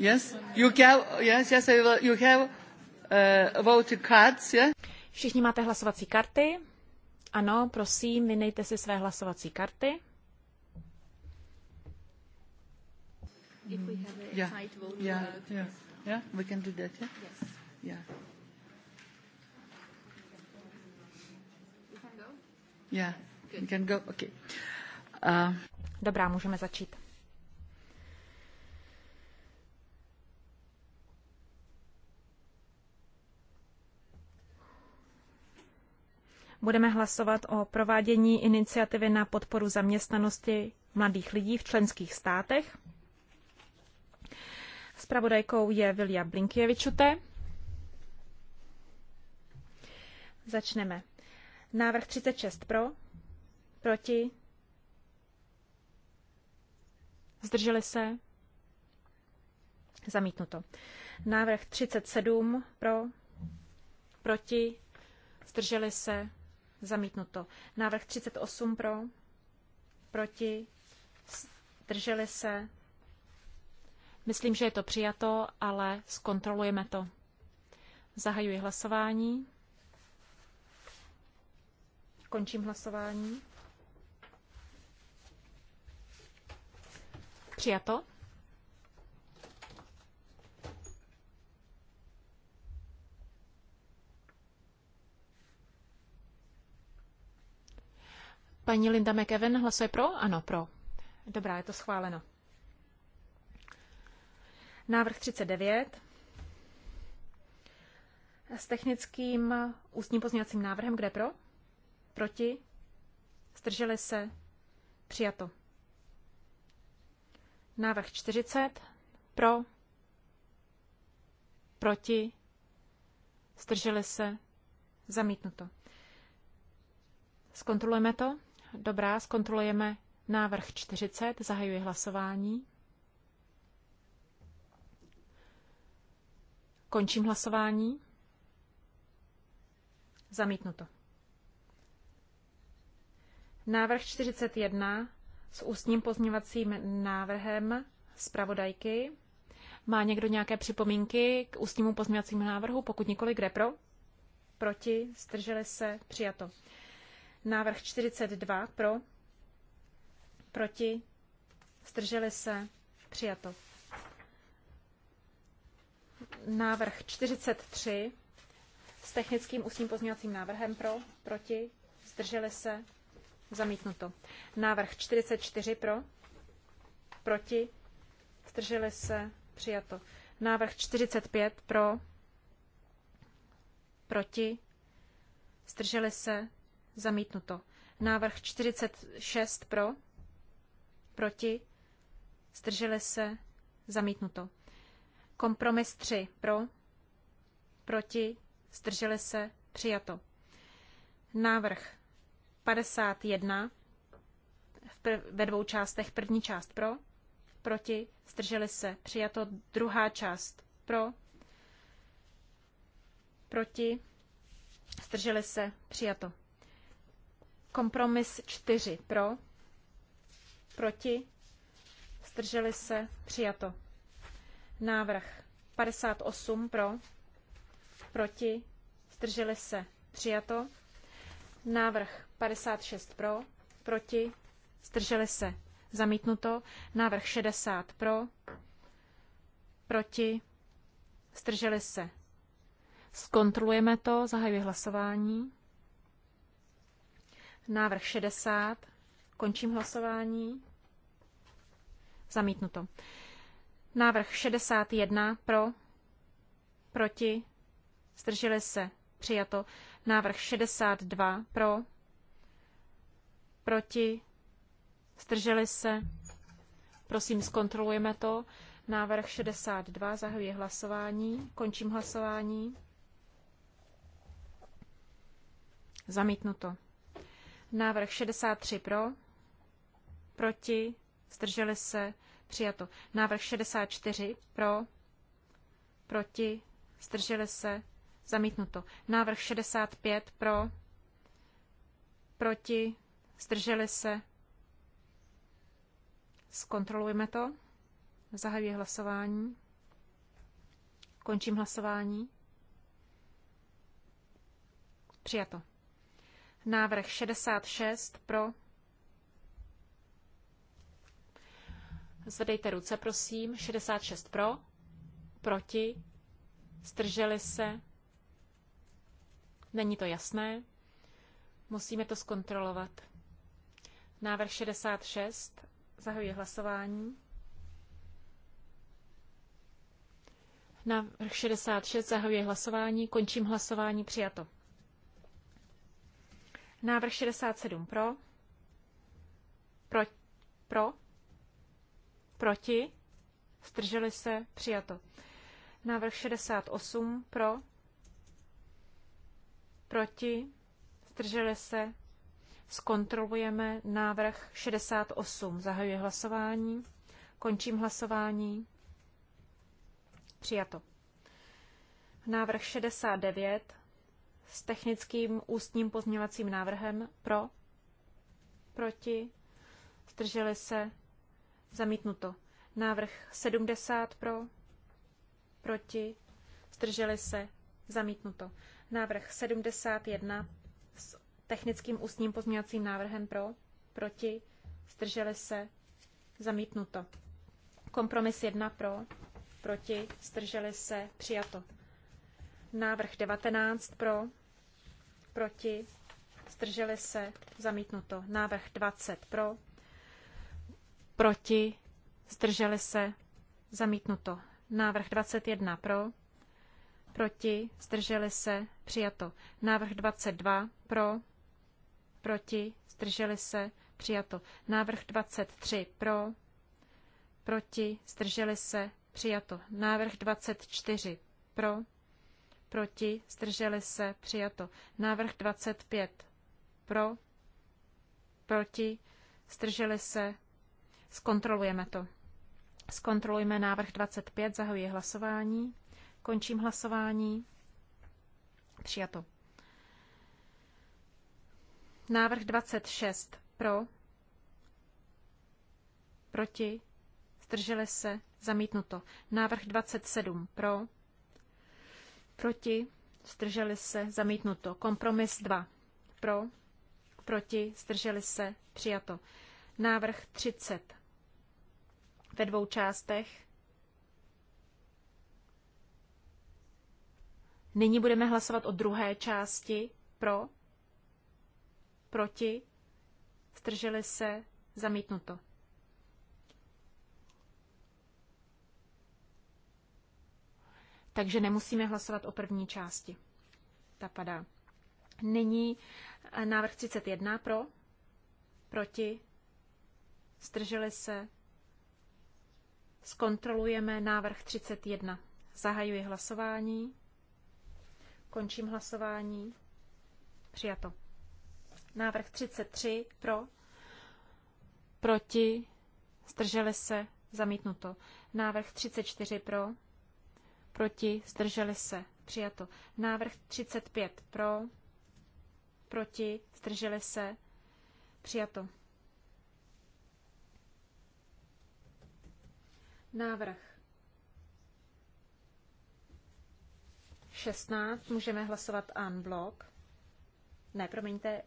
Yes, you have, yes, yes, you have uh, voting cards, yeah? Všichni máte hlasovací karty? Ano, prosím, vynejte si své hlasovací karty. If we have a side vote, yeah. Yeah. yeah, we can do that, yeah? Yes. Yeah. can go, okay. Uh, Dobrá, můžeme začít. Budeme hlasovat o provádění iniciativy na podporu zaměstnanosti mladých lidí v členských státech. Spravodajkou je Vilja Blinkjevičute. Začneme. Návrh 36 pro, proti, zdrželi se, zamítnuto. Návrh 37 pro, proti, zdrželi se, Zamítnuto. Návrh 38 pro, proti, zdrželi se. Myslím, že je to přijato, ale zkontrolujeme to. Zahajuji hlasování. Končím hlasování. Přijato. Paní Linda McEwen hlasuje pro? Ano, pro. Dobrá, je to schváleno. Návrh 39 s technickým ústním pozměňovacím návrhem. Kde pro? Proti? Zdrželi se? Přijato. Návrh 40. Pro? Proti? Zdrželi se? Zamítnuto. Zkontrolujeme to. Dobrá, zkontrolujeme návrh 40, zahajuji hlasování. Končím hlasování. Zamítnuto. Návrh 41 s ústním pozměvacím návrhem zpravodajky. Má někdo nějaké připomínky k ústnímu pozměvacímu návrhu? Pokud nikoli, kde pro? Proti? Zdrželi se? Přijato. Návrh 42 pro, proti, zdrželi se, přijato. Návrh 43 s technickým ústním pozměňovacím návrhem pro, proti, zdrželi se, zamítnuto. Návrh 44 pro, proti, zdrželi se, přijato. Návrh 45 pro, proti, zdrželi se, Zamítnuto. Návrh 46 pro, proti, zdrželi se, zamítnuto. Kompromis 3 pro, proti, zdrželi se, přijato. Návrh 51 ve dvou částech. První část pro, proti, zdrželi se, přijato. Druhá část pro, proti, zdrželi se, přijato. Kompromis 4 pro, proti, zdrželi se, přijato. Návrh 58 pro, proti, zdrželi se, přijato. Návrh 56 pro, proti, zdrželi se, zamítnuto. Návrh 60 pro, proti, zdrželi se. Zkontrolujeme to, zahajuji hlasování. Návrh 60. Končím hlasování. Zamítnuto. Návrh 61 pro, proti, zdrželi se, přijato. Návrh 62 pro, proti, zdrželi se. Prosím, zkontrolujeme to. Návrh 62, zahajuji hlasování, končím hlasování. Zamítnuto. Návrh 63 pro, proti, zdrželi se, přijato. Návrh 64 pro, proti, zdrželi se, zamítnuto. Návrh 65 pro, proti, zdrželi se. Zkontrolujeme to. Zahajuji hlasování. Končím hlasování. Přijato. Návrh 66 pro. Zvedejte ruce, prosím. 66 pro. Proti. Strželi se. Není to jasné. Musíme to zkontrolovat. Návrh 66. Zahajuji hlasování. Návrh 66. Zahajuji hlasování. Končím hlasování. Přijato. Návrh 67 pro. Pro. pro proti. Zdrželi se. Přijato. Návrh 68 pro. Proti. Zdrželi se. Zkontrolujeme návrh 68. Zahajuji hlasování. Končím hlasování. Přijato. Návrh 69 s technickým ústním pozměňovacím návrhem pro, proti, zdrželi se, zamítnuto. Návrh 70 pro, proti, zdrželi se, zamítnuto. Návrh 71 s technickým ústním pozměňovacím návrhem pro, proti, zdrželi se, zamítnuto. Kompromis 1 pro, proti, zdrželi se, přijato. Návrh 19 pro, proti, zdrželi se, zamítnuto. Návrh 20 pro, proti, zdrželi se, zamítnuto. Návrh 21 pro, proti, zdrželi se, přijato. Návrh 22 pro, proti, zdrželi se, přijato. Návrh 23 pro, proti, zdrželi se, přijato. Návrh 24 pro, proti, zdrželi se, přijato. Návrh 25 pro, proti, zdrželi se, zkontrolujeme to. Zkontrolujeme návrh 25, zahajuji hlasování, končím hlasování, přijato. Návrh 26 pro, proti, zdrželi se, zamítnuto. Návrh 27 pro, proti, zdrželi se, zamítnuto. Kompromis 2, pro, proti, zdrželi se, přijato. Návrh 30 ve dvou částech. Nyní budeme hlasovat o druhé části pro, proti, zdrželi se, zamítnuto. takže nemusíme hlasovat o první části. Ta padá. Nyní eh, návrh 31 pro, proti, zdrželi se, zkontrolujeme návrh 31. Zahajuji hlasování, končím hlasování, přijato. Návrh 33 pro, proti, zdrželi se, zamítnuto. Návrh 34 pro, proti, zdrželi se, přijato. Návrh 35 pro, proti, zdrželi se, přijato. Návrh 16 můžeme hlasovat en blok. Ne, promiňte,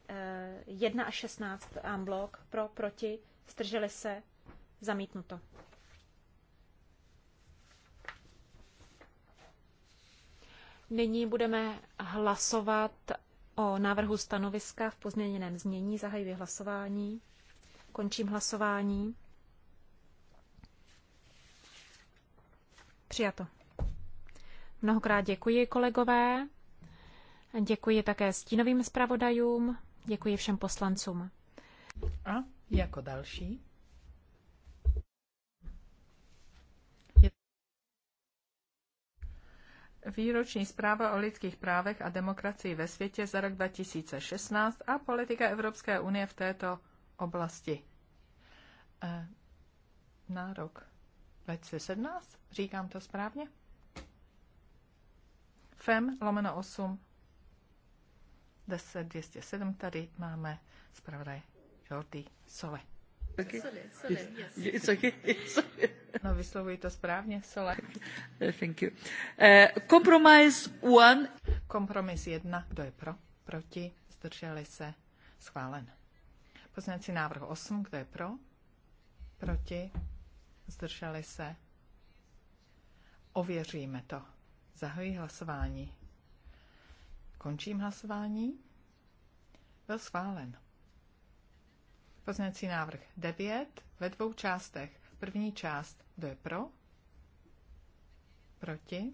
1 eh, a 16 en blok pro, proti, zdrželi se, zamítnuto. Nyní budeme hlasovat o návrhu stanoviska v pozměněném znění. Zahajuji hlasování. Končím hlasování. Přijato. Mnohokrát děkuji kolegové, děkuji také stínovým zpravodajům, děkuji všem poslancům. A jako další Výroční zpráva o lidských právech a demokracii ve světě za rok 2016 a politika Evropské unie v této oblasti. E, na rok 2017, říkám to správně? FEM lomeno 8 10 207, tady máme zpravodaj Jordi Sole. Okay. Sole, sole, yes. It's okay. No, vyslovuji to správně, sole. Uh, thank you. Kompromis uh, one. Kompromis jedna. Kdo je pro? Proti? Zdrželi se? Schválen. Poznací návrh 8. Kdo je pro? Proti? Zdrželi se? Ověříme to. Zahajuji hlasování. Končím hlasování. Byl schválen. Poznací návrh 9 ve dvou částech. První část, kdo je pro? Proti?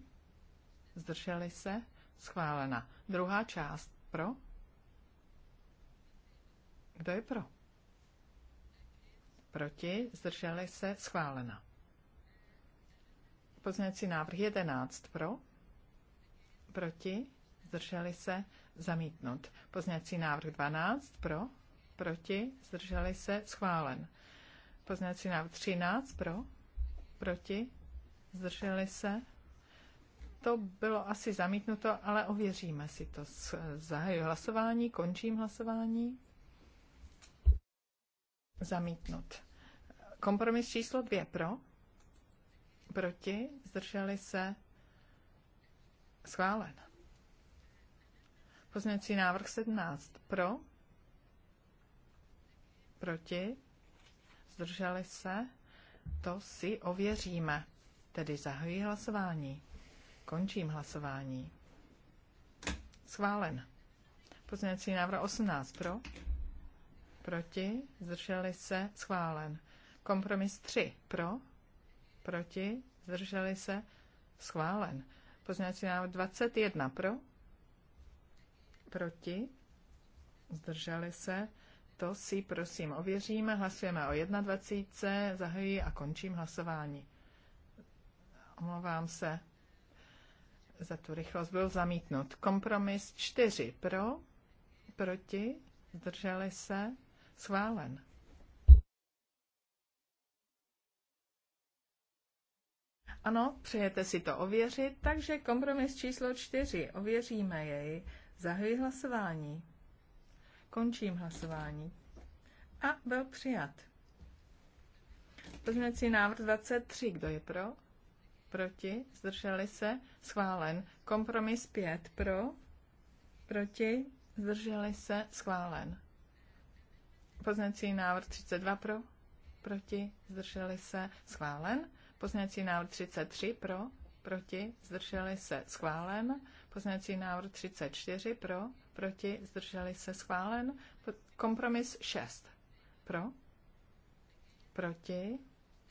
Zdrželi se? Schválena. Druhá část, pro? Kdo je pro? Proti? Zdrželi se? Schválena. Poznací návrh 11 pro? Proti? Zdrželi se? Zamítnut. Poznací návrh 12 pro? proti, zdrželi se, schválen. Pozměňovací návrh 13 pro, proti, zdrželi se. To bylo asi zamítnuto, ale ověříme si to. Zahajuji hlasování, končím hlasování. Zamítnut. Kompromis číslo 2 pro, proti, zdrželi se, schválen. Pozměňovací návrh 17 pro, proti, zdrželi se, to si ověříme. Tedy zahajuji hlasování. Končím hlasování. Schválen. Pozměňovací návrh 18 pro. Proti. Zdrželi se. Schválen. Kompromis 3 pro. Proti. Zdrželi se. Schválen. Pozměňovací návrh 21 pro. Proti. Zdrželi se. To si prosím ověříme. Hlasujeme o 21. Zahajuji a končím hlasování. Omlouvám se za tu rychlost. Byl zamítnut. Kompromis 4 pro, proti, zdrželi se, schválen. Ano, přejete si to ověřit, takže kompromis číslo 4. Ověříme jej. Zahajuji hlasování. Končím hlasování. A byl přijat. Pozměňovací návrh 23. Kdo je pro? Proti? Zdrželi se? Schválen. Kompromis 5. Pro? Proti? Zdrželi se? Schválen. Pozměňovací návrh 32. Pro? Proti? Zdrželi se? Schválen. Pozměňovací návrh 33. Pro? Proti? Zdrželi se? Schválen. Poznací návrh 34 pro, proti, zdrželi se schválen. Kompromis 6 pro, proti,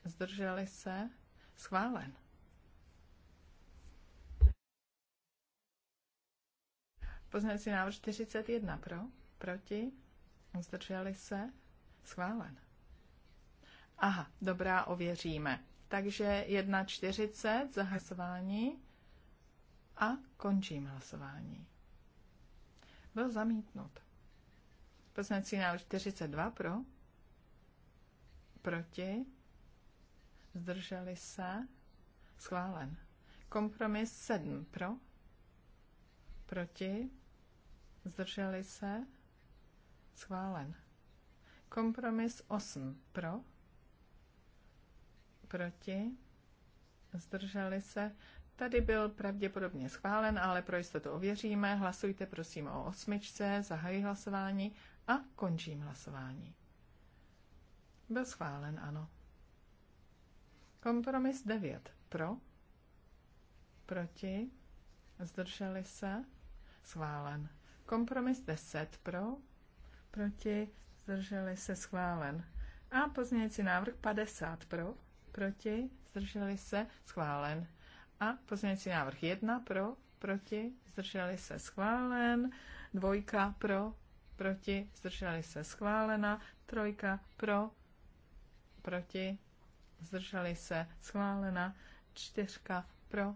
zdrželi se schválen. Poznací návrh 41 pro, proti, zdrželi se schválen. Aha, dobrá, ověříme. Takže 1.40 za hlasování. A končím hlasování. Byl zamítnut. Poslanecí návrh 42 pro, proti, zdrželi se, schválen. Kompromis 7 pro, proti, zdrželi se, schválen. Kompromis 8 pro, proti, zdrželi se, Tady byl pravděpodobně schválen, ale pro jistotu ověříme. Hlasujte prosím o osmičce, zahají hlasování a končím hlasování. Byl schválen, ano. Kompromis 9. Pro. Proti. Zdrželi se. Schválen. Kompromis 10. Pro. Proti. Zdrželi se. Schválen. A pozměňující návrh 50. Pro. Proti. Zdrželi se. Schválen. A pozměňující návrh 1 pro, proti, zdrželi se schválen, dvojka pro, proti, zdrželi se schválena, trojka pro, proti, zdrželi se schválena, čtyřka pro,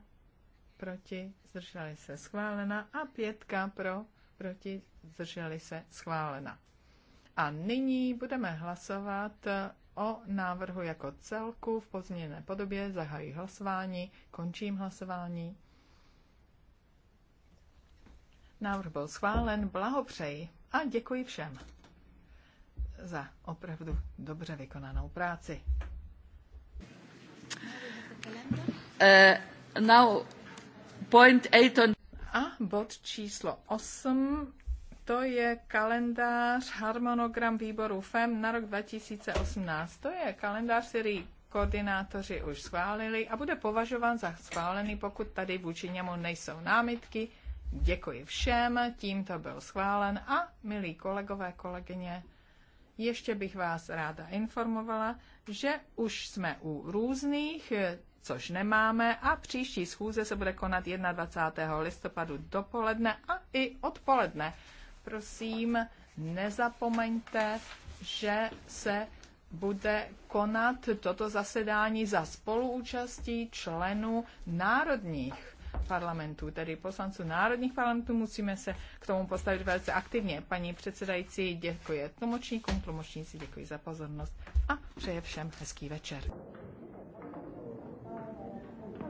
proti, zdrželi se schválena a pětka pro, proti, zdrželi se schválena. A nyní budeme hlasovat o návrhu jako celku v pozměněné podobě. Zahají hlasování, končím hlasování. Návrh byl schválen, blahopřeji a děkuji všem za opravdu dobře vykonanou práci. Uh, now point eight on... A bod číslo 8 to je kalendář, harmonogram výboru FEM na rok 2018. To je kalendář, který koordinátoři už schválili a bude považován za schválený, pokud tady vůči němu nejsou námitky. Děkuji všem, tímto byl schválen a milí kolegové, kolegyně, ještě bych vás ráda informovala, že už jsme u různých, což nemáme, a příští schůze se bude konat 21. listopadu dopoledne a i odpoledne prosím, nezapomeňte, že se bude konat toto zasedání za spoluúčastí členů národních parlamentů, tedy poslanců národních parlamentů, musíme se k tomu postavit velice aktivně. Paní předsedající děkuji tlumočníkům, tlumočníci děkuji za pozornost a přeje všem hezký večer.